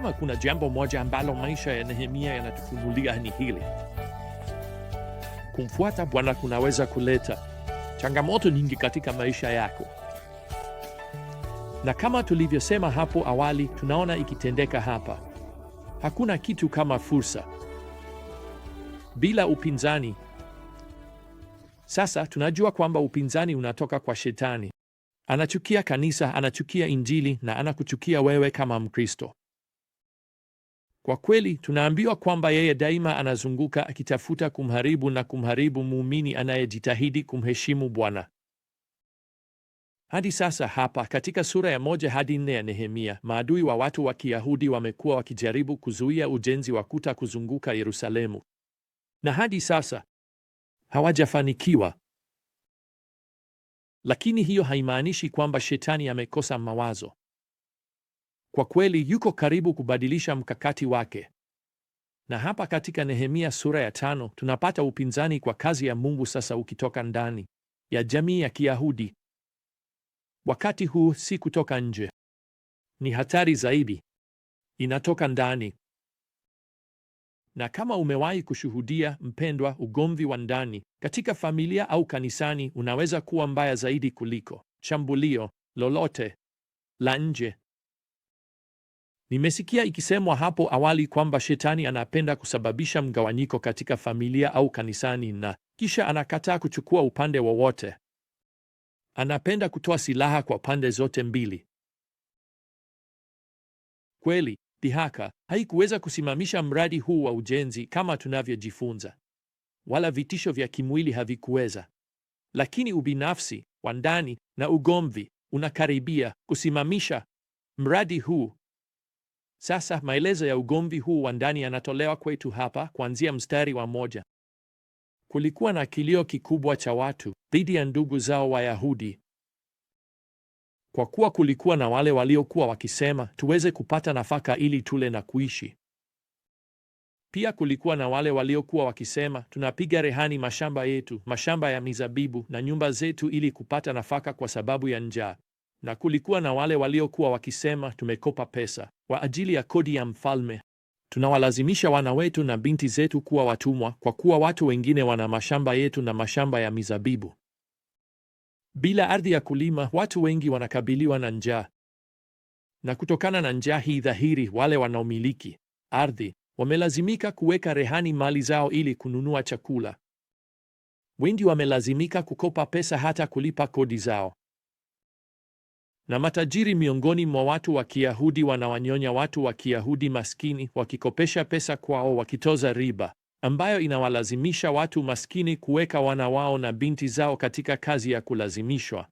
kama kuna jambo moja ambalo maisha ya Nehemia yanatufunulia ni hili: kumfuata Bwana kunaweza kuleta changamoto nyingi katika maisha yako, na kama tulivyosema hapo awali, tunaona ikitendeka hapa. Hakuna kitu kama fursa bila upinzani. Sasa tunajua kwamba upinzani unatoka kwa Shetani. Anachukia kanisa, anachukia Injili na anakuchukia wewe kama Mkristo. Kwa kweli tunaambiwa kwamba yeye daima anazunguka akitafuta kumharibu na kumharibu muumini anayejitahidi kumheshimu Bwana. Hadi sasa hapa katika sura ya moja hadi nne ya Nehemia, maadui wa watu wa Kiyahudi wamekuwa wakijaribu kuzuia ujenzi wa kuta kuzunguka Yerusalemu, na hadi sasa hawajafanikiwa. Lakini hiyo haimaanishi kwamba shetani amekosa mawazo kwa kweli yuko karibu kubadilisha mkakati wake. Na hapa katika Nehemia sura ya tano tunapata upinzani kwa kazi ya Mungu sasa ukitoka ndani ya jamii ya Kiyahudi. Wakati huu si kutoka nje, ni hatari zaidi, inatoka ndani. Na kama umewahi kushuhudia mpendwa, ugomvi wa ndani katika familia au kanisani unaweza kuwa mbaya zaidi kuliko shambulio lolote la nje. Nimesikia ikisemwa hapo awali kwamba shetani anapenda kusababisha mgawanyiko katika familia au kanisani, na kisha anakataa kuchukua upande wowote. Anapenda kutoa silaha kwa pande zote mbili. Kweli, dhihaka haikuweza kusimamisha mradi huu wa ujenzi kama tunavyojifunza, wala vitisho vya kimwili havikuweza, lakini ubinafsi wa ndani na ugomvi unakaribia kusimamisha mradi huu. Sasa maelezo ya ugomvi huu wa ndani yanatolewa kwetu hapa kuanzia mstari wa moja. Kulikuwa na kilio kikubwa cha watu dhidi ya ndugu zao Wayahudi, kwa kuwa kulikuwa na wale waliokuwa wakisema tuweze kupata nafaka ili tule na kuishi. Pia kulikuwa na wale waliokuwa wakisema tunapiga rehani mashamba yetu, mashamba ya mizabibu na nyumba zetu, ili kupata nafaka kwa sababu ya njaa. Na kulikuwa na wale waliokuwa wakisema, tumekopa pesa kwa ajili ya kodi ya mfalme, tunawalazimisha wana wetu na binti zetu kuwa watumwa, kwa kuwa watu wengine wana mashamba yetu na mashamba ya mizabibu. Bila ardhi ya kulima, watu wengi wanakabiliwa na njaa, na kutokana na njaa hii dhahiri, wale wanaomiliki ardhi wamelazimika kuweka rehani mali zao ili kununua chakula. Wengi wamelazimika kukopa pesa hata kulipa kodi zao na matajiri miongoni mwa watu wa Kiyahudi wanawanyonya watu wa Kiyahudi maskini, wakikopesha pesa kwao, wakitoza riba ambayo inawalazimisha watu maskini kuweka wana wao na binti zao katika kazi ya kulazimishwa.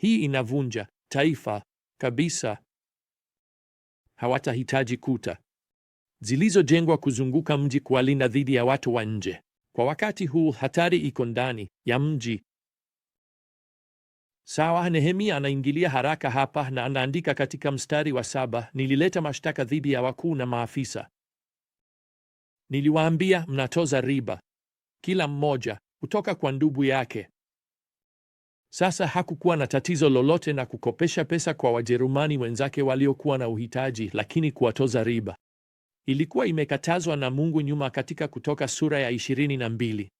Hii inavunja taifa kabisa. Hawatahitaji kuta zilizojengwa kuzunguka mji kuwalinda dhidi ya watu wa nje. Kwa wakati huu hatari iko ndani ya mji. Sawa, Nehemia anaingilia haraka hapa na anaandika katika mstari wa saba, nilileta mashtaka dhidi ya wakuu na maafisa. Niliwaambia, mnatoza riba kila mmoja kutoka kwa ndugu yake. Sasa hakukuwa na tatizo lolote na kukopesha pesa kwa Wajerumani wenzake waliokuwa na uhitaji, lakini kuwatoza riba ilikuwa imekatazwa na Mungu nyuma katika Kutoka sura ya ishirini na mbili.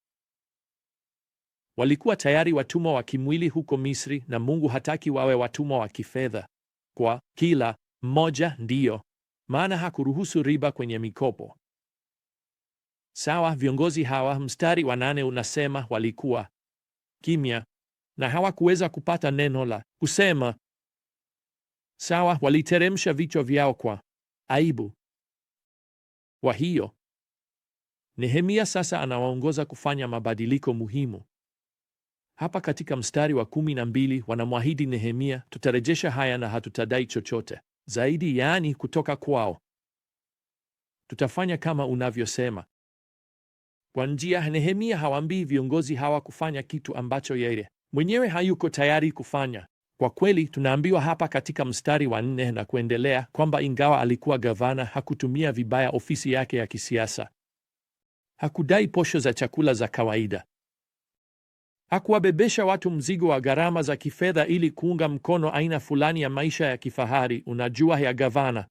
Walikuwa tayari watumwa wa kimwili huko Misri, na Mungu hataki wawe watumwa wa kifedha kwa kila mmoja. Ndiyo maana hakuruhusu riba kwenye mikopo. Sawa, viongozi hawa, mstari wa nane unasema walikuwa kimya na hawakuweza kupata neno la kusema. Sawa, waliteremsha vichwa vyao kwa aibu. Kwa hiyo Nehemia sasa anawaongoza kufanya mabadiliko muhimu. Hapa katika mstari wa kumi na mbili wanamwahidi Nehemia, tutarejesha haya na hatutadai chochote zaidi, yaani kutoka kwao. Tutafanya kama unavyosema. Kwa njia, Nehemia hawaambii viongozi hawa kufanya kitu ambacho yeye mwenyewe hayuko tayari kufanya. Kwa kweli, tunaambiwa hapa katika mstari wa nne na kuendelea kwamba ingawa alikuwa gavana, hakutumia vibaya ofisi yake ya kisiasa, hakudai posho za chakula za kawaida hakuwabebesha watu mzigo wa gharama za kifedha ili kuunga mkono aina fulani ya maisha ya kifahari, unajua, ya gavana.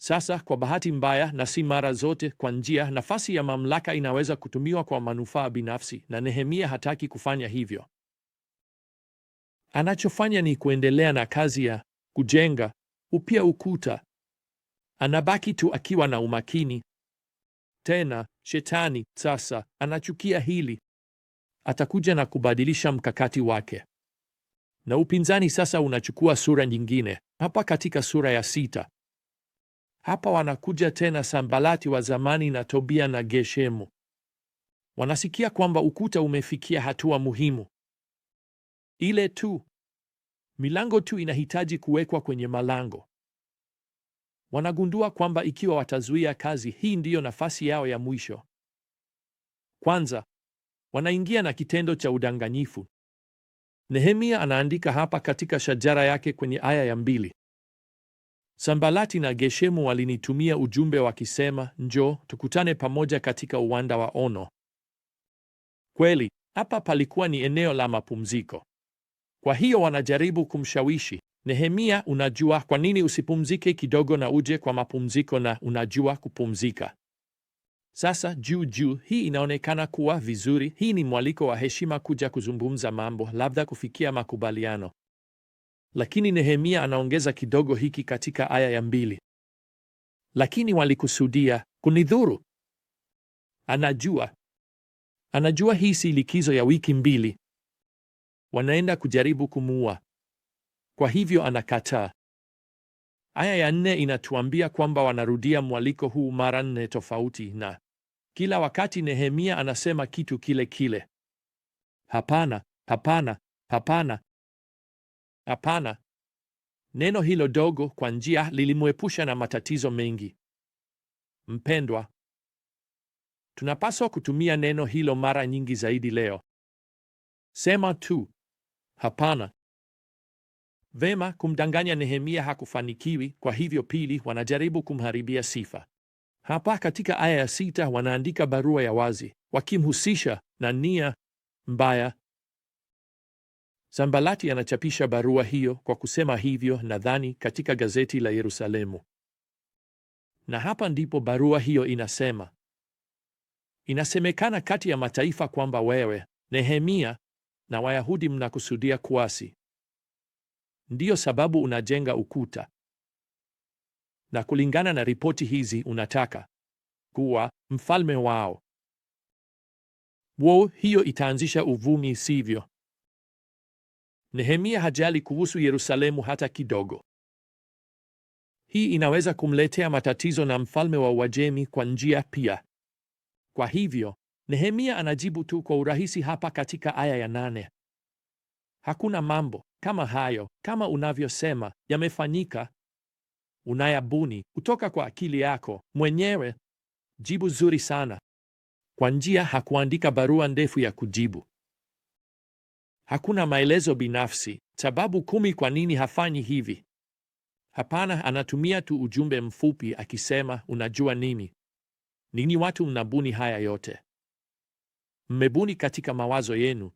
Sasa kwa bahati mbaya, na si mara zote kwa njia, nafasi ya mamlaka inaweza kutumiwa kwa manufaa binafsi, na Nehemia hataki kufanya hivyo. Anachofanya ni kuendelea na kazi ya kujenga upya ukuta. Anabaki tu akiwa na umakini. Tena shetani sasa anachukia hili atakuja na kubadilisha mkakati wake, na upinzani sasa unachukua sura nyingine, hapa katika sura ya sita. Hapa wanakuja tena Sambalati wa zamani na Tobia na Geshemu. Wanasikia kwamba ukuta umefikia hatua muhimu. Ile tu milango tu inahitaji kuwekwa kwenye malango. Wanagundua kwamba ikiwa watazuia kazi hii, ndiyo nafasi yao ya mwisho. Kwanza wanaingia na kitendo cha udanganyifu. Nehemia anaandika hapa katika shajara yake kwenye aya ya mbili, Sambalati na Geshemu walinitumia ujumbe wakisema, njoo tukutane pamoja katika uwanda wa Ono. Kweli hapa palikuwa ni eneo la mapumziko. Kwa hiyo wanajaribu kumshawishi Nehemia, unajua, kwa nini usipumzike kidogo na uje kwa mapumziko na unajua kupumzika sasa juu juu, hii inaonekana kuwa vizuri. Hii ni mwaliko wa heshima kuja kuzungumza mambo, labda kufikia makubaliano. Lakini Nehemia anaongeza kidogo hiki katika aya ya mbili: lakini walikusudia kunidhuru. Anajua, anajua hii si likizo ya wiki mbili, wanaenda kujaribu kumuua. Kwa hivyo anakataa. Aya ya nne inatuambia kwamba wanarudia mwaliko huu mara nne tofauti, na kila wakati Nehemia anasema kitu kile kile, hapana, hapana, hapana, hapana. Neno hilo dogo kwa njia lilimwepusha na matatizo mengi. Mpendwa, tunapaswa kutumia neno hilo mara nyingi zaidi leo. Sema tu hapana. Vema, kumdanganya Nehemia hakufanikiwi. Kwa hivyo, pili, wanajaribu kumharibia sifa. Hapa katika aya ya sita wanaandika barua ya wazi wakimhusisha na nia mbaya. Sambalati anachapisha barua hiyo kwa kusema hivyo, nadhani katika gazeti la Yerusalemu, na hapa ndipo barua hiyo inasema: inasemekana kati ya mataifa kwamba wewe Nehemia na Wayahudi mnakusudia kuasi, ndiyo sababu unajenga ukuta na kulingana na ripoti hizi unataka kuwa mfalme wao. Wow, hiyo itaanzisha uvumi, sivyo? Nehemia hajali kuhusu Yerusalemu hata kidogo. Hii inaweza kumletea matatizo na mfalme wa Uajemi kwa njia pia. Kwa hivyo, Nehemia anajibu tu kwa urahisi hapa katika aya ya nane. Hakuna mambo kama hayo kama unavyosema yamefanyika unayabuni kutoka kwa akili yako mwenyewe. Jibu zuri sana kwa njia hakuandika barua ndefu ya kujibu. Hakuna maelezo binafsi, sababu kumi kwa nini hafanyi hivi. Hapana, anatumia tu ujumbe mfupi akisema, unajua nini, ninyi watu mnabuni haya yote, mmebuni katika mawazo yenu.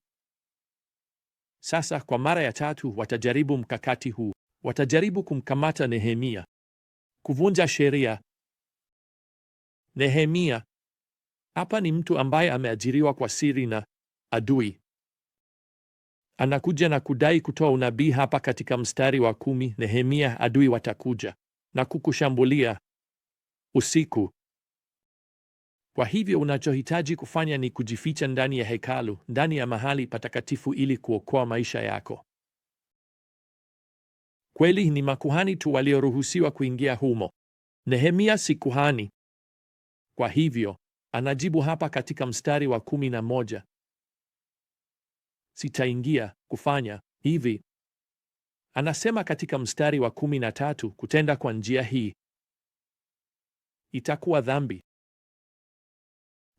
Sasa kwa mara ya tatu watajaribu mkakati huu, watajaribu kumkamata Nehemia kuvunja sheria. Nehemia hapa ni mtu ambaye ameajiriwa kwa siri na adui, anakuja na kudai kutoa unabii. Hapa katika mstari wa kumi, Nehemia, adui watakuja na kukushambulia usiku. Kwa hivyo unachohitaji kufanya ni kujificha ndani ya hekalu, ndani ya mahali patakatifu, ili kuokoa maisha yako. Kweli ni makuhani tu walioruhusiwa kuingia humo. Nehemia si kuhani. Kwa hivyo anajibu hapa katika mstari wa kumi na moja, sitaingia kufanya hivi. Anasema katika mstari wa kumi na tatu, kutenda kwa njia hii itakuwa dhambi.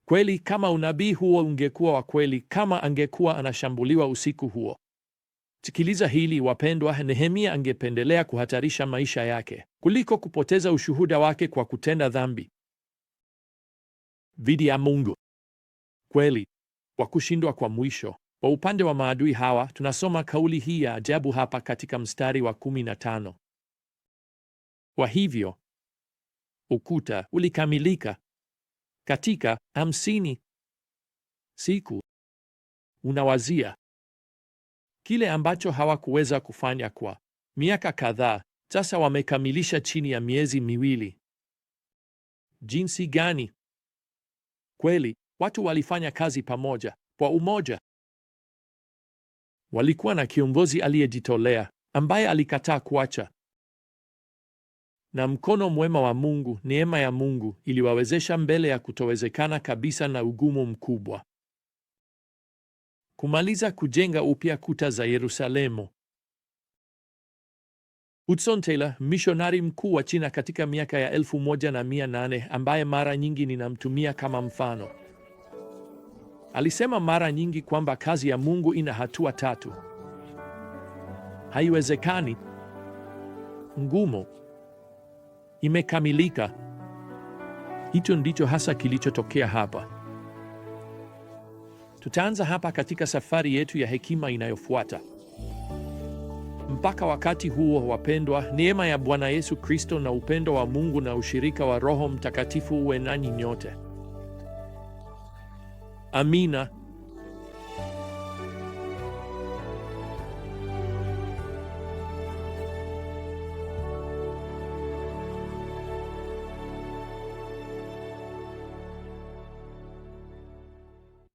Kweli, kama unabii huo ungekuwa wa kweli, kama angekuwa anashambuliwa usiku huo Sikiliza hili wapendwa, Nehemia angependelea kuhatarisha maisha yake kuliko kupoteza ushuhuda wake kwa kutenda dhambi dhidi ya Mungu. Kweli kwa kushindwa kwa mwisho kwa upande wa maadui hawa, tunasoma kauli hii ya ajabu hapa katika mstari wa 15: kwa hivyo ukuta ulikamilika katika hamsini siku. Unawazia kile ambacho hawakuweza kufanya kwa miaka kadhaa. Sasa wamekamilisha chini ya miezi miwili. Jinsi gani kweli watu walifanya kazi pamoja kwa umoja! Walikuwa na kiongozi aliyejitolea ambaye alikataa kuacha, na mkono mwema wa Mungu, neema ya Mungu iliwawezesha mbele ya kutowezekana kabisa na ugumu mkubwa kumaliza kujenga upya kuta za Yerusalemu. Hudson Taylor, mishonari mkuu wa China katika miaka ya 1800 ambaye mara nyingi ninamtumia kama mfano, alisema mara nyingi kwamba kazi ya Mungu ina hatua tatu: haiwezekani, ngumu, imekamilika. Hicho ndicho hasa kilichotokea hapa. Tutaanza hapa katika safari yetu ya hekima inayofuata. Mpaka wakati huo, wapendwa, neema ya Bwana Yesu Kristo na upendo wa Mungu na ushirika wa Roho Mtakatifu uwe nanyi nyote. Amina.